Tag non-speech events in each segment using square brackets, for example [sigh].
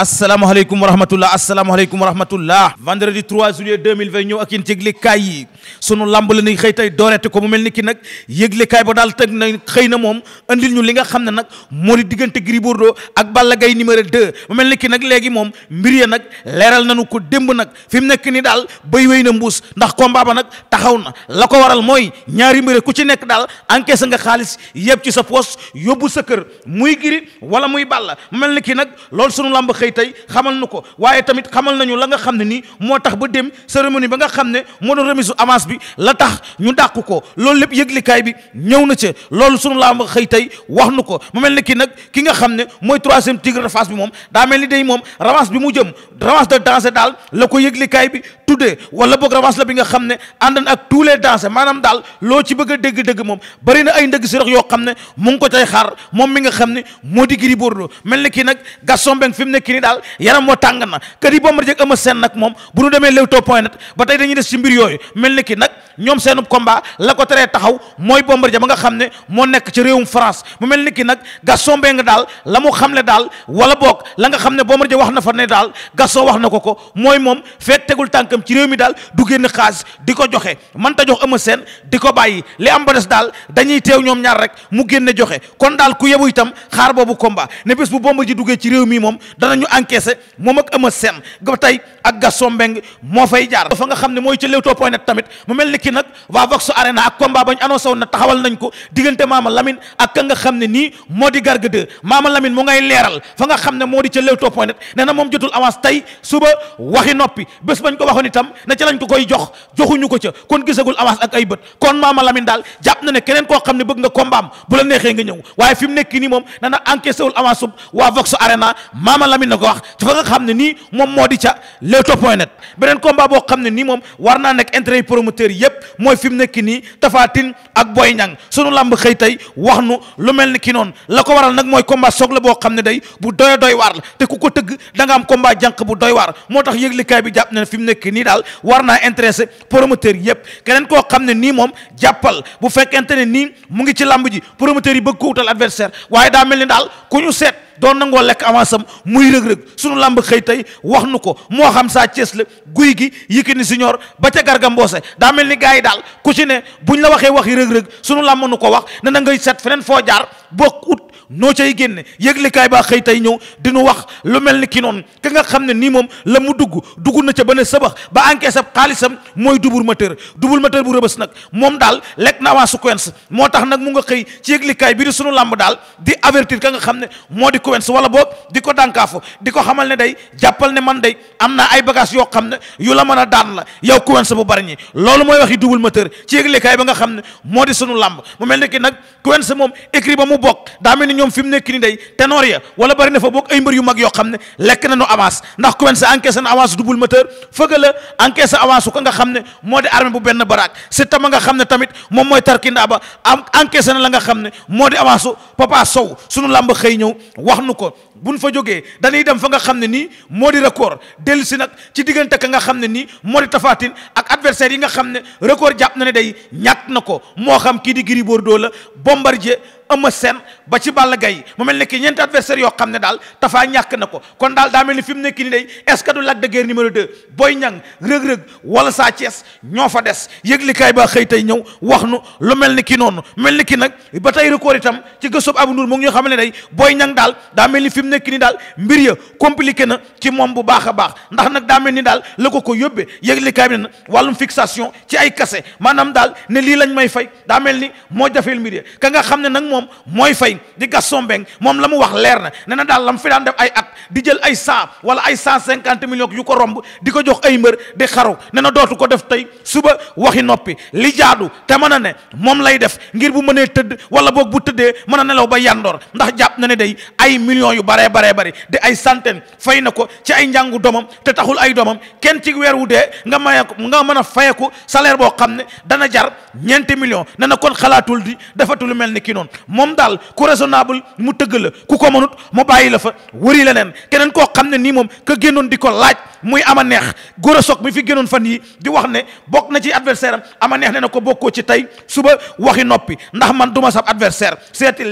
asalaamaaleykum wa rahmatullah asalaamaaleykum wa rahmatullah vendredi 3 juillet 2020 ñëw ak yéen ci yëglekaay yi sunu làmb la ni xëy tey dooreete ko mu mel ni ki nag yëglekaay ba daal teg na xëy na moom andil ñu li nga xam ne nag moo di diggante Gris Bordeaux ak Balla Gaye numéro 2 mu mel ni ki nag léegi moom mbir ya nag leeral nañu ko démb nag fi mu nekk ni daal bay wéy na mbuus ndax combat ba nag taxaw na la ko waral mooy ñaari mbir ku ci nekk daal encaissé nga xaalis yëpp ci sa poos yóbbu sa kër muy Gris wala muy Balla mel ni ki nag loolu sunu xëy tey xamal nu ko waaye tamit xamal nañu la nga xam ne nii moo tax ba dem cérémonie ba nga xam ne moo doon remise avance bi la tax ñu dàq ko loolu lépp yëglikaay bi ñëw na ca loolu sunu laa xëy tey wax nu ko mu mel ne kii nag ki nga xam ne mooy troisième tigre de Fass bi moom daa mel ni day moom revanche bi mu jëm revanche de danse daal la ko yëglikaay bi tuddee wala boog revanche la bi nga xam ne àndan ak tous les danse maanaam daal loo ci bëgg a dégg-dégg moom bëri na ay ndëgg si rox yoo xam ne mu ko cay xaar moom mi nga xam ne moo di Gris Bordeaux daal yaram wa tàng na kër yi Bombardier ak Eumeu Sène nag moom bu ñu demee Leewtoo point net ba tey dañuy des ci mbir yooyu mel ni ki nag ñoom seenu combat la ko teree taxaw mooy Bombardier ba nga xam ne moo nekk ci réewum France mu mel ni ki nag Gaston Mbengue daal la mu ne daal wala boog la nga xam ne Bombardier wax na fa ne daal Gaston wax na ko ko mooy moom feet tegul tànkam ci réew mi daal du génn xaas di ko joxe man ta jox Eumeu Sène di ko bàyyi li am ba des daal dañuy teew ñoom ñaar rek mu génne joxe kon daal ku yebu itam xaar boobu combat ne ci réew mi moom ñu encaissé moom ak Eumeu Sène ga tey ak Gaston Mbengue moo fay jaar fa nga xam ne mooy ci Leewtoo point net tamit mu mel ni ki nag waa Vox Arena ak combat bañ annoncé woon na ne moo di Garga 2 Mama Lamine mu ngay leeral fa nga xam na moom jotul avance tey suba waxi ko waxoon itam na ca ko koy jox joxuñu ko ca kon gisagul koo xam ne bëgg nga combat am bu la neexee nga ñëw waaye na ko wax ci xam ne nii moom moo di ca Leewtoo point net beneen combat boo xam ne nii moom war naa nekk intérêt promoteur yëpp mooy fi mu nekk nii Tapha ak Boy Niang sunu làmb xëy tey wax nu lu mel ni ki noonu la ko waral nag mooy combat soog la boo xam ne day bu doy doy waar la te ku ko tëgg da nga am combat bu doy waar moo tax yëglikaay bi jàpp na ne fi mu nekk nii daal war naa intéressé promoteur yëpp keneen koo xam ne nii moom jàppal bu fekkente ne nii mu ngi ci làmb ji promoteur yi bëgg ko wutal doon nangoo lekk avance sam muy rëg-rëg sunu làmb xëy tey wax nu ko moo xam saa Cees la guy gi Yékini Senior ba ca Garga Mbossé daa mel ni gars yi daal ku ci ne buñ la waxee waxi rëg-rëg sunu làmb nu ko wax ne na ngay set feneen foo jaar boo ut noo cay génne yëglikaay baa xëy tey ñëw dinu wax lu mel ni kii noonu ka nga xam ne nii moom la mu dugg dugg na ca ba ne sabax ba encaissé ab xaalisam mooy double moteur double moteur bu rëbës nag moom daal lekk na avance Quench moo tax nag mu nga xëy ci yëglikaay bi di sunu làmb daal di avertir ka nga xam ne moo di Quench wala boobu di ko di ko xamal ne day jàppal ne man day am naa ay bagage yoo xam ne yu la mën a daan la yow Quench bu bari loolu mooy waxi double moteur ci yëglikaay ba nga xam ne moo di sunu làmb mu mel ni ki nag Quench moom écrit ba mu bokk daa mel ni ñoom fi mu nekk ni day ténor ya wala bari na fa boog ay mbër yu mag yoo xam ne lekk nañu avance ndax Quench encaissé na avance double moteur fëgga la encaissé avance ko nga xam ne moo di armée bu benn baraak Siteu ma nga xam ne tamit moom mooy tarkindaa ba am encaissé na la nga xam ne moo di avance su Papa Sow sunu làmb xëy ñëw wax nu ko buñ fa jógee dañuy dem fa nga xam ne nii moo di record dellu si nag ci diggante ka nga xam ne nii moo di tafaatin ak adversaire yi nga xam ne record jàpp na ne day ñàkk na ko moo xam kii di Gris doo la Bombardier Eumeu seen ba ci Balla Gaye mu mel ne ki ñeenti adversaire yoo xam ne daal tafaa ñàkk na ko kon daal daa mel ni fi mu nekk nii day est-ce que du Lac de Guiers numéro 2 Boy Niang rëg-rëg wala Sa Thiès ñoo fa des yëglikaay ba xëy tey ñëw wax nu lu mel ni kii noonu mel ni kii nag ba tey record itam ci gëstoob Abou Ndour mu ngi ñoo xam ne day Boy Niang daal mu nekk ni daal mbir ya compliqué na ci moom bu baax a baax ndax nag daa mel ni daal la ko ko yóbbee yëglikaay bi nan wàllum fixation ci ay kase maanaam daal ne lii lañ may fay daa mel ni moo jafeel mbir ka nga xam ne nag moom mooy fay di Gaston Mbengue moom la mu wax leer na ne na daal la mu fi daan def ay at di jël ay cent wala ay cent cinquante millions yu ko romb di ko jox ay mbër di xaru ne na dootu ko def tey suba waxi noppi li jaadu te mën a ne moom lay def ngir bu mënee tëdd wala boog bu tëddee mën a nelaw ba yandoor ndax jàpp na baree baree bari di ay centaine fay na ko ci ay njàngu doomam te taxul ay doomam kenn ci weer wu dee nga maye ko nga mën a fayeku salaire boo xam ne dana jar ñeenti millions ne na kon xalaatul di defatul mel ni kii noonu moom daal ku raisonnable mu tëgg la ku ko mënut mu bàyyi la fa wëri leneen keneen koo xam ne nii moom ka génnoon di ko laaj muy ama neex góor a soog mi fi génnoon fan yi di wax ne bokk na ci adversaire am ama neex ne na ko bokkoo ci tey suba waxi noppi ndax man du ma sab adversaire seeti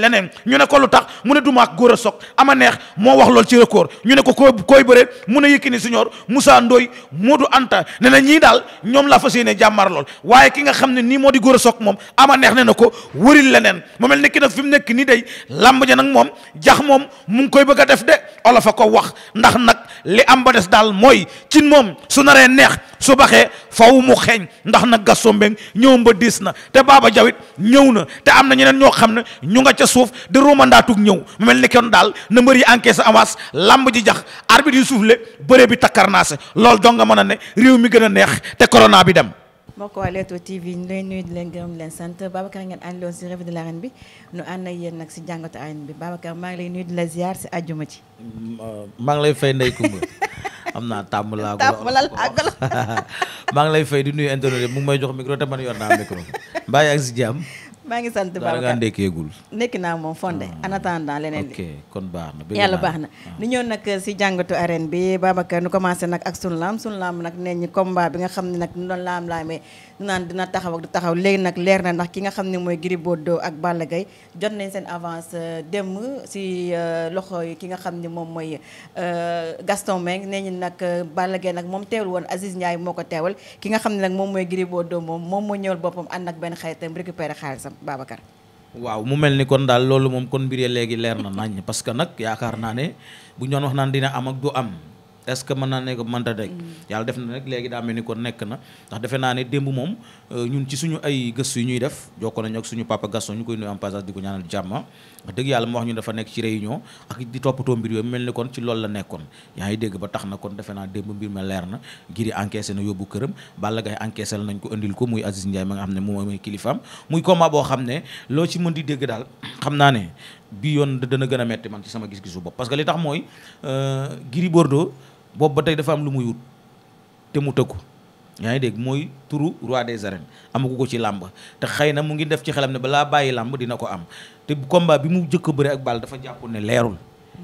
neex moo wax lool ci record ñu ne ko ko koy bëre mu ne Yékini Senior Moussa Ndoye Modou Anta ne na ñii daal ñoom laa fa yéene jàmmaar lool waaye ki nga xam ne nii moo di góor a soog moom ama neex ne na ko wëril leneen mu mel ne ki nag fi mu nekk nii day làmb ja nag moom jax moom mu ngi koy bëgg a def de olof a ko wax ndax nag li am ba des daal mooy cin moom su naree neex su baxee faw mu xeeñ ndax nag Gaston Mbengue ñëw ba diis na te Baba Jawit ñëw na te am na ñeneen ñoo xam ne ñu nga ca suuf di ñëw yi encaissé avance lamb ji jax arbitre yu soufflé bëre bi takkarnaase lool dong nga mën a ne réew mi gën a neex te corona bi dem. mbokk waa Leewtoo TV ñu lay leen gërëm leen sant Babacar ngeen àndaloon si revue de l'arène bi nu ànd ak yéen nag si jàngatu arène bi Babacar maa ngi lay nuy di la ziar si àjjuma ci maa ngi lay fay Ndeye Coumba am naa tàmm laa tàmm la laagul [laughs] maa ngi lay fay di nuy internet mu ngi may jox micro te man yor naa micro mbaa yaa ngi si jàmm maa ngi sant Babacar daal nga ndekkeegul. nekki naa moom fonde ah. en attendant leneen li. ok kon baax na yàlla baax na. ni ah. ñëw nag si jàngatu arène bi Babacar nu commencé nag ak sunu laam sunu laam nag nee ñi combat bi nga xam ne nag ñu doon laam laamee naan taxaw ak taxaw léegi nag leer na ndax ki nga xam ne mooy Gris Bordeaux ak Balla jot nañ seen avance euh, dem si euh, loxo yi ki nga xam ne moom mooy euh, Gaston Mbengue nee ñi nag Balla Gaye nag moom teewul woon Aziz Ndiaye moo ko teewal ki nga xam ne nag moom mooy Gris Bordeaux moom moom moo ñëwal boppam ànd ak benn xaritam récupéré xaalisam Babacar. waaw mu mel ni kon daal loolu moom kon mbir léegi leer na nañ parce que nag yaakaar naa ne bu ñoon doon wax naan dina am ak du am est ce que mën naa ne ko mënta dégg mm. yàlla def na nag léegi daa mel ni kon nekk na ndax defe naa ne démb moom euh, ñun ci suñu ay gëstu yu ñuy def jokkoo nañu ak suñu papa Gaston ñu koy nuyu en passage di ko ñaanal jàmm wax dëgg yàlla mu wax ñu dafa nekk ci réunion ak di toppatoo mbir yooyu mel ni kon ci loolu la nekkoon yaa ngi dégg ba tax na kon defe naa démb mbir ma leer na giri encaissé na yóbbu këram Balla Gaye encaissé nañ ko indil ko muy Aziz Ndiaye ma nga xam ne moom mooy kilifaam muy combat boo xam ne loo ci mën di dégg daal xam naa ne bi yoon dana gën a man ci sama gis-gisu bopp parce que li tax mooy euh, Gris Bordeaux boobu ba tey dafa am lu muy wut te mu tëkku yaa ngi dégg mooy turu roi des arènes amagu ko ci làmb te xëy na mu ngi def ci xelam ne balaa bàyyi làmb dina ko am te combat bi mu jëkk a bëri ak Balla dafa jàppoon ne leerul.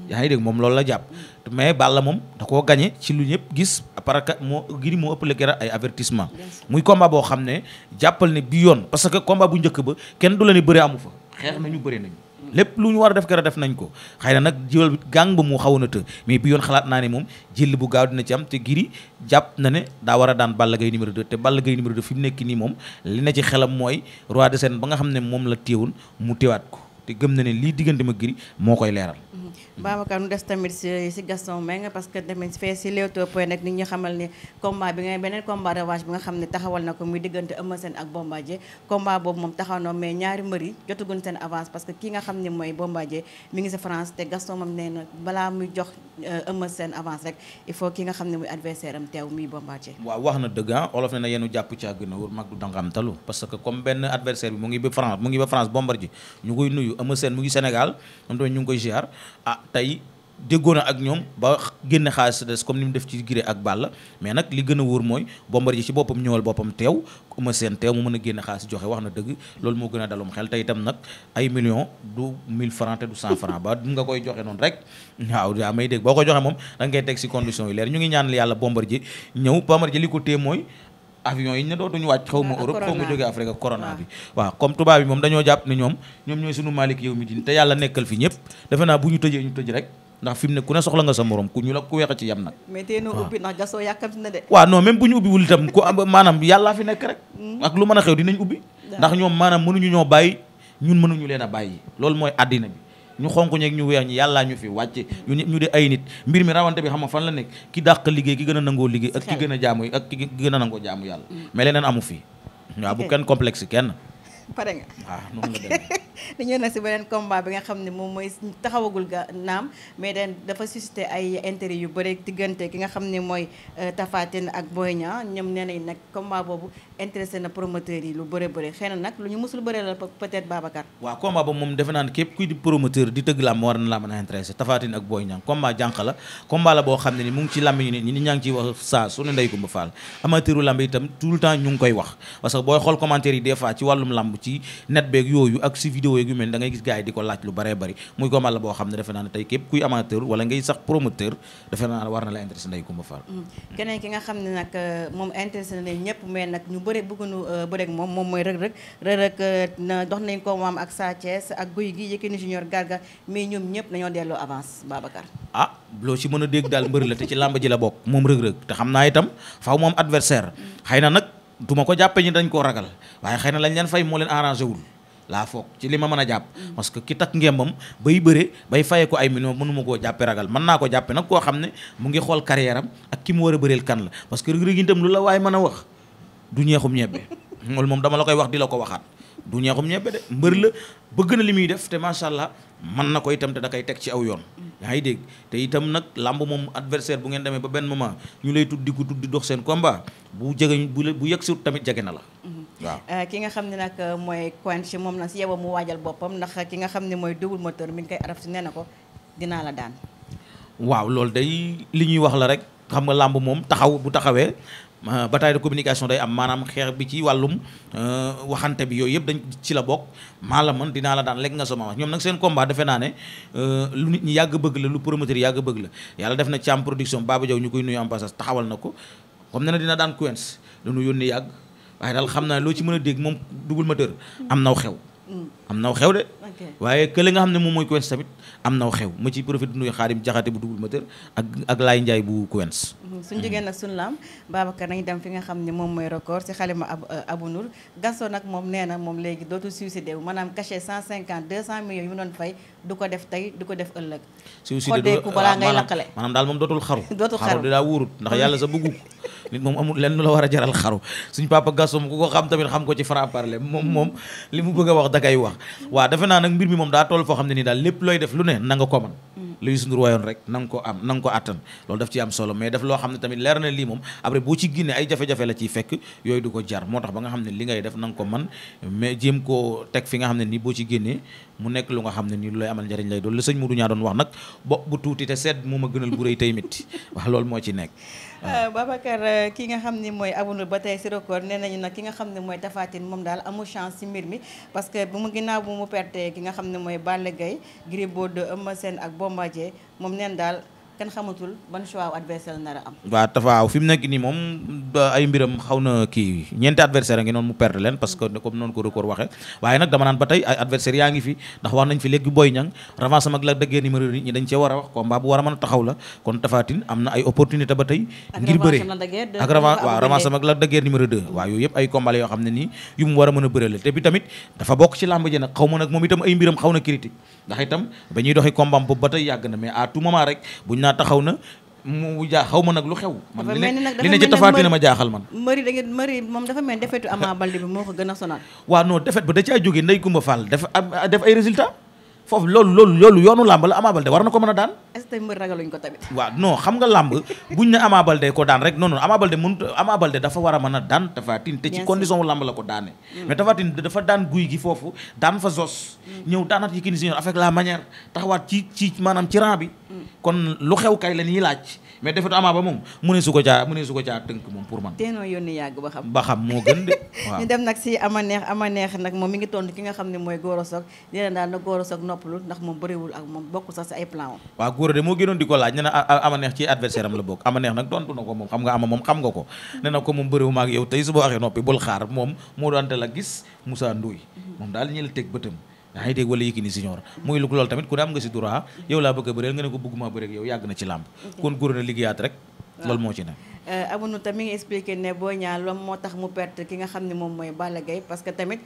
yaa ngi dégg moom loolu la jàpp mais Balla moom da koo gagné ci lu ñëpp gis parce que moo giri moo ëppale kera ay avertissement muy combat boo xam ne jàppal ne bi yoon parce que combat bu njëkk ba kenn du la ne bari amu fa xeex ñu bëri nañu. lépp lu ñu war a def kër def nañ ko xëy na nag jiwal bi ba mu xawoon na të mais bi yoon xalaat naa ne moom jël bu gaaw dina ci am te giri jàpp na ne daa war a daan Balla Gaye numéro 2 te Balla Gaye numéro 2 fi mu nekk nii moom li na ci xelam mooy roi de scène ba nga xam ne moom la téewoon mu téewaat ko te gëm na ne lii diggante ma giri moo koy leeral Mm-hmm. Babacar nu des tamit si Gaston Mbengue parce que tamit fee si Leewtoo point nag nit ñu xamal ne combat bi nga bi nga xam ne taxawal na ko muy diggante Eumeu Sène ak Bombardier combat ñaari mbër yi jotaguñ seen avance parce que ki nga xam ne mooy Bombardier mi ngi sa France te Gaston moom nee euh, il faut ki nga xam ne muy adversaire am teew muy Bombardier waaw wax na dëgg ah olof ne na yenu a wóor mag du dangam que comme benn adversaire bi mu ngi ba France mu ngi ba France Bombardier ñu koy nuyu Eumeu mu ngi Sénégal moom tamit ñu ngi koy ziar ah tey déggoo na ak ñoom ba génne xaalis des comme ni mu def ci Gris ak Balla mais nag li gën a wóor mooy Bombardier ci boppam ñëwal boppam teew Eumeu Sène teew mu mën a génne xaalis joxe wax na dëgg loolu moo gën a dalum xel te itam nag ay millions du 1000 francs te du 100 francs ba nga koy joxe noonu rek waaw yaa may dégg boo ko joxe moom da ngay teg ci condition yu leer ñu ngi ñaanal yàlla Bombardier ñëw Bombardier li ko téye mooy avion yi ñu ne dootuñu wàcc xaw ma ah, Europe xaw ma jógee Afrique ak corona bi ah. waaw comme tubaab bi moom dañoo jàpp ne ñoom ñoom ñooy sunu Malik yow mi din te yàlla nekkal fi ñëpp defe naa bu ñu tëjee ñu tëj rek ndax fi ne ku ne soxla nga sa morom ku ñu la ku weex a ci yam nag mais tey na de waaw bu ñu ubbi wul itam ku am maanaam yàllaa fi nekk rek hmm. ak lu mën a xew dinañ ubbi ndax ñoom maanaam mënuñu ñoo bàyyi ñun mënuñu leen a bàyyi loolu mooy àddina bi ñu xonk ñeeg ñu weex ñi yàllaa ñu fi wàcce ñu ñëpp ñu di ay nit mbir mi rawante bi xam nga fan la nekk ki dàq liggéey ki gën a nangoo liggéey ak ki gën a jaamu ak ki gën a nangoo jaamu yàlla mm. mais leneen amu fi waaw bu kenn complexe kenn pare nga. waaw ah, moom la [laughs] si beneen combat bi nga xam ne moom mooy taxawagul ga naam mais dañ dafa suscité ay intérêt yu bëri diggante ki nga xam ne mooy euh, Tapha ak Boy Niang combat na promoteur jànq la combat la boo xam ne ni mu ngi ci làmb ñi ñaa ngi ciy wax saa su ne ndey ko ba faal amateuru làmb itam tout le temps ñu ngi koy wax parce booy xool commentaire yi des fois ci wàllum làmb ci net beeg yooyu ak si vidéo yeeg yu mel da ngay gis gars di ko laaj lu bëree bari muy ko la boo xam ne defe naa tey képp kuy amateur wala ngay sax promoteur defe naa ne war na la intéressé Ndeye Coumba Fall mm. keneen ki nga xam ne nag euh, moom intéressé na leen ñëpp mais nag ñu bëri bëgguñu euh, bëreeg moom moom mooy Reug Reug Reug euh, na dox nañ ko moom ak Sa Thiès ak Gouye Gui Yékini Junior Garga mais ñoom ñëpp dañoo delloo avance Babacar ah loo ci mën a dégg daal mbër la ci làmb ji la bokk moom Reug Reug te xam naa itam faaw moom adversaire mm. xëy na nag duma ko jàppe ñi dañ koo ragal waaye xëy na lañ leen fay moo leen arrangé wul laa foog ci li ma mën a jàpp parce que ki takk ngembam bay bëre bay faye ko ay millions mënuma koo jàppe ragal mën naa ko jàppe nag koo xam ne mu ngi xool carrière am ak ki mu war a bëreel kan la parce que Reug Reug itam lu la waaye mën a wax du ñeexum ñebbe [laughs] loolu moom dama la koy wax di la ko waxaat du ñeexum ñebbe de mbër la bëgg na li muy def te macha allah mën na ko itam te da koy teg ci aw yoon. yaa ngi dégg te itam nag làmb moom adversaire bu ngeen demee ba benn moment ñu lay tuddi ko tuddi dox seen combat bu jege bu bu yegg si tamit jege na la. Mm-hmm. waaw euh, ki nga xam ne nag euh, mooy Quench moom na si yow mu waajal boppam ndax ki nga xam ne mooy double moteur mi ngi koy araf si nee ko dinaa la daan. waaw loolu day li ñuy wax la rek xam nga làmb moom taxaw bu taxawee Euh, bataille de communication day am maanaam xeex bi ci wàllum euh, waxante bi yooyu yëpp dañ ci la bokk maa la mën dinaa la daan lekk nga sama wax ñoom nag seen combat defe naa ne euh, lu nit ñi yàgg bëgg la lu promoteur yàgg bëgg la yàlla def na ci am production Baba Diaw ñu koy nuyu en passage taxawal na ko comme ne na dina daan Quench dañu yónni yàgg waaye daal xam naa loo ci mën a dégg moom double moteur am naw xew mm. am naw xew de waaye kële nga xam ne moom mooy Quench tamit am naw xew ma ciy profité nuyu Xaadim Jaxate bu double moteur ak ak Laay Njaay bu Quench mm-hmm. suñu jógee nag suñu laam Babacar nañ dem fi nga xam ne moom mooy record si xalima ab euh, Abou Nour Gaston moom nee na moom léegi dootul suicidé wu maanaam caché 150 200 millions yu doon fay du ko def tey du ko def ëllëg suicidé ko balaa ah, ngay lakkale maanaam daal moom dootul xaru [laughs] dootul xaru daa wóorut ndax yàlla sa bëggu [laughs] nit moom amul lenn lu la war a jaral xaru suñ papa Gaston ku ko xam tamit xam ko ci franc parler moom moom li mu bëgg a wax da kay wax waaw defe naa naa nag mbir mi moom daa toll foo xam ne nii daal lépp looy def lu ne na nga ko man mm. lu Youssou Ndour wayoon rek na ko am na ko attan loolu daf ci am solo mais def loo xam ne tamit leer na lii moom après boo ci génnee ay jafe-jafe la ciy fekk yooyu du ko jar moo tax ba nga xam ne li ngay def na ko man mais jéem koo teg fi nga xam ne nii boo ci génnee mu nekk lu nga xam ne nii lu lay amal njariñ lay doon la sëñ Modou ñaa doon wax nag bopp bu tuuti te seet moo ma gënal bu rëy tey mitti [laughs] wax loolu moo ci nekk euh, Babacar euh, ki nga xam ne mooy abonul ba tey si record nee nañu nag ki nga xam ne mooy tafaatin moom daal amul chance si mbir mi parce que bu mu ginnaaw bu mu perte ki nga xam ne mooy Balla Gaye Gris Bordeaux Eumeu Sène ak Bombardier moom neen daal kenn xamatul ban a nekk nii moom ay mbiram xaw na kii ñeenti adversaire ngi noonu mu perdre leen parce que comme noonu ko record waxee waaye nag dama naan ba tey adversaire yaa ngi fi ndax wax nañ fi léegi Boy Niang revanche ak la numéro yi ñi dañ cee war a wax combat bu war a mën a taxaw la kon Tafatine am na ay opportunité ba tey. ngir bëree ak revanche ak la numéro 2 waaw yooyu yëpp ay combat yoo xam ne nii yu mu war a mën a bëree te bi tamit naa taxaw na mu jaa xaw ma nag lu xew. man li ne ci tafaati na ma jaaxal man. mari da ngeen mari moom dafa mel defetu Ama Baldé bi moo ko gën a sonal. waaw non defet ba da caa jógee ndey Kumba Fall def def ay résultat foofu loolu loolu loolu yoonu làmb la Ama Baldé war na ko mën a daan. est-ce ko xam nga làmb buñ ne Ama Baldé ko daan rek non non Ama Baldé mënut Ama Baldé dafa war a mën a daan Tapha Tine te ci condition wu làmb la ko daane. Mm. mais Tapha dafa daan guy gi foofu daan fa zos. Mm. ñëw daanaat Yékini Senior avec la manière taxawaat ci ci maanaam ci rang bi. Mm. kon lu xew kay la ñuy laaj. mais defetu Ama Ba moom mu su ko caa tënk moom pour man teenoo yónni yàgg ba xam ba xam moo gën de [laughs] waaw ñu nag si ama neex ama neex nag moom mi ngi tontu ki nga xam ne mooy Gora Sock nee na daal na Gora ndax moom bëriwul ak moom bokkul sax si ay plan waaw Gora de moo gënoon di ko laaj nee na ama neex ci adversaire am la bokk ama neex nag tontu na ko moom xam nga ama moom xam nga ko nee na ko moom bëriwu ma ak yow tey su waxee noppi bul xaar moom moo doon la gis Moussa Ndoye mm-hmm. moom daal ñi la teg bëtam yaa ngi dégg wala Yékini senior muy lu loolu tamit ku ne am nga si droit yow laa bëgg a bëreel nga ne ko bëgguma bëreeg yow yàgg na ci làmb kon rek loolu moo ci ne euh, Abou Nouta mi ngi ne Boy Niang loolu moo tax mu perte ki nga xam ne moom mooy Balla Gaye parce que tamit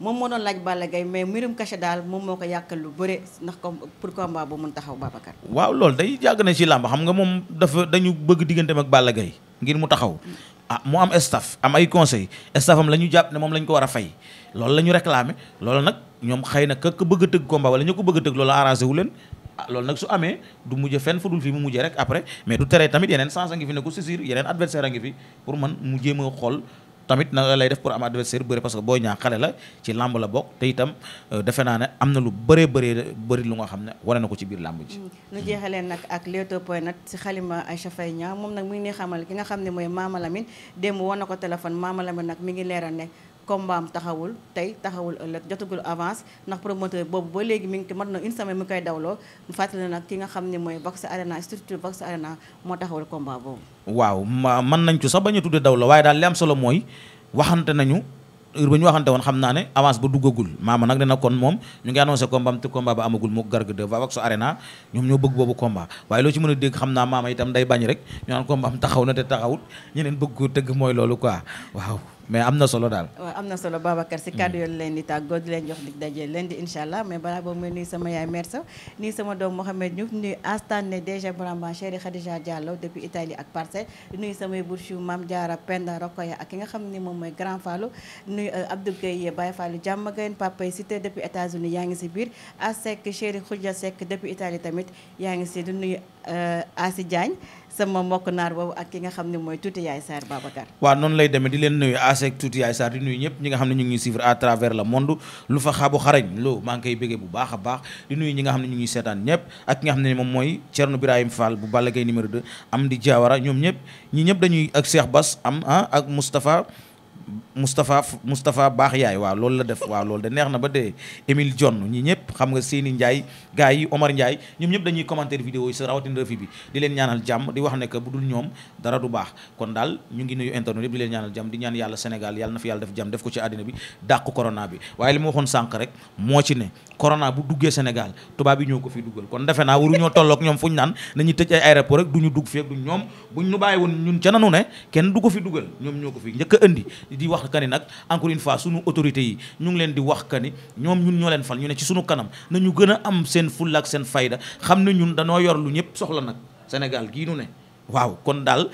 moom moo doon laaj Balla Gaye mais mbirum cachet daal moom moo ko yàqal lu bëre ndax comme pour combat bu mun taxaw Babacar waaw loolu day yàgg làmb xam nga moom dafa dañu bëgg digganteem ak Balla Gaye ngir mu taxaw mm. ah mu am staff am ay conseil staff am la ñu jàpp ne moom la ko war a fay loolu la ñu nag ñoom xëy na ka bëgg a tëgg combat wala ñu ko bëgg tëgg loolu arrangé leen ah loolu nag su amee du mujj fenn fu dul fii mu mujjee rek après mais du teree tamit yeneen sens a fi ne ko saisir yeneen adversaire a fi pour man mu jéem a tamit na lay def pour am adversaire bëri parce que Boy Niang xale la ci làmb la bokk te itam euh, defe naa ne am na lu bëree bëree bëri lu nga xam ne wane na ko ci biir làmb ji mm-hmm. ñu jeexalee nag ak Leewtoo point net xalima Aïcha Faye Niang moom nag mu ngi xamal ki nga xam ne mooy Mama Lamine démb ko téléphone Mama nag mi ngi leeral ne combat am taxawul tey taxawul ëllëg jotagul avance ndax promoteur boobu ba léegi mi ngi man na une semaine mu koy dawloo mu fàttali na nag ki nga xam ne mooy Vox Arena structure Vox Arena moo taxawul combat boobu. waaw man nañ sax bañ a tuddee dawloo waaye daal li am solo mooy waxante nañu. heure ba ñu waxante woon xam naa ne avance ba duggagul maama nag dina kon moom ñu ngi annoncé combat am te combat ba amagul moo garg de Vox Arena ñoom ñoo bëgg boobu combat waaye loo ci mën a dégg xam naa maama itam day bañ rek ñu naan combat am taxaw na te taxawut ñeneen bëgg ko tëgg mooy loolu quoi waaw mais am na solo daal. waaw am na solo Babacar si kàddu yoon leen di tàggoo di leen jox dig daje leen di incha allah mais balaa boobu muy nuyu sama yaay Mersa nuyu sama doom Mouhamed Diouf nuyu Astane DG Bramba Chéri Khadija Diallo depuis Italie ak Parcelles nuyu samay bourchou Mame Diarra Penda Rokoya ak ki nga xam ni moom mooy Grand Fallou nuyu euh, Abdou Gueye Baye Fallou Diamaguène Papa Cité depuis États-Unis yaa ngi si biir Asek Chéri Khoudia Seck depuis Italie tamit yaa ngi si di nuyu euh, Asi Diagne. sama mbokk naar boobu ak ki nga xam ne mooy tuuti yaay Sarr Babacar waaw noonu lay demee di leen nuyu ASEC tuuti yaay Sarr di nuyu ñëpp ñi nga xam ne ñu ngi suivre à travers le monde lu fa xabu xarañ loo maa ngi koy béggee bu baax a baax di nuyu ñi nga xam ne ñu ngi seetaan ñëpp ak ki nga xam ne moom mooy Thierno Birahim Fall bu Balla Gaye numéro 2 am di Diawara ñoom ñëpp ñi ñëpp dañuy ak seex Bass am ah ak mustafa Moustapha Moustapha baax yaay waa lool la def waaw loolu de neex na ba dee Émile John ñi ñëpp xam nga seeni Ndiaye gars yi Omar Ndiaye ñoom ñëpp dañuy commentaire vidéo yi sa rawatina refi di leen ñaanal jàmm di wax ne que bu dul dara du baax kon daal ñu ngi nuyu internet yëpp ñaanal jàmm di ñaan yàlla senegal yàlla na fi yàlla def jàmm def ko ci àddina bi dàq corona bi waaye li ma waxoon sànq rek moo ci ne corona bu duggee Sénégal tubaab yi ñoo ko fi dugal kon defe naa waru ñoo tolloog ñoom fu ñu naan nañuy tëj ay aéroport rek du ñu dugg fi ak du ñoom buñ nu bàyyi woon ñun ca ne kenn du ko fi duggal ñoom ñoo ko fi njëkk a indi di wax ka ni nag encore une fois suñu autorités yi ñu ngi leen di wax ka ñoom ñun ñoo leen fal ñu ne ci suñu kanam nañu gën a am seen fulla ak seen fayda xam ne ñun dañoo yor lu ñëpp soxla nag Sénégal gii nu ne waaw kon daal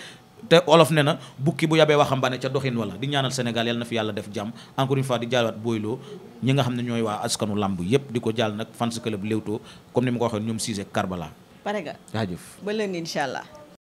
te olof ne na bukki bu yabee waxambaane ca doxin wala di ñaanal senegal yal na fi yàlla def jàmm encore une fois di jaalaat booyloo ñi nga xam ne ñooy waa askanu làmb yëpp di ko jaal nag fans club Leewtoo comme ni ma ko waxee ñoom Cissé Karbala pare nga jaajëf ba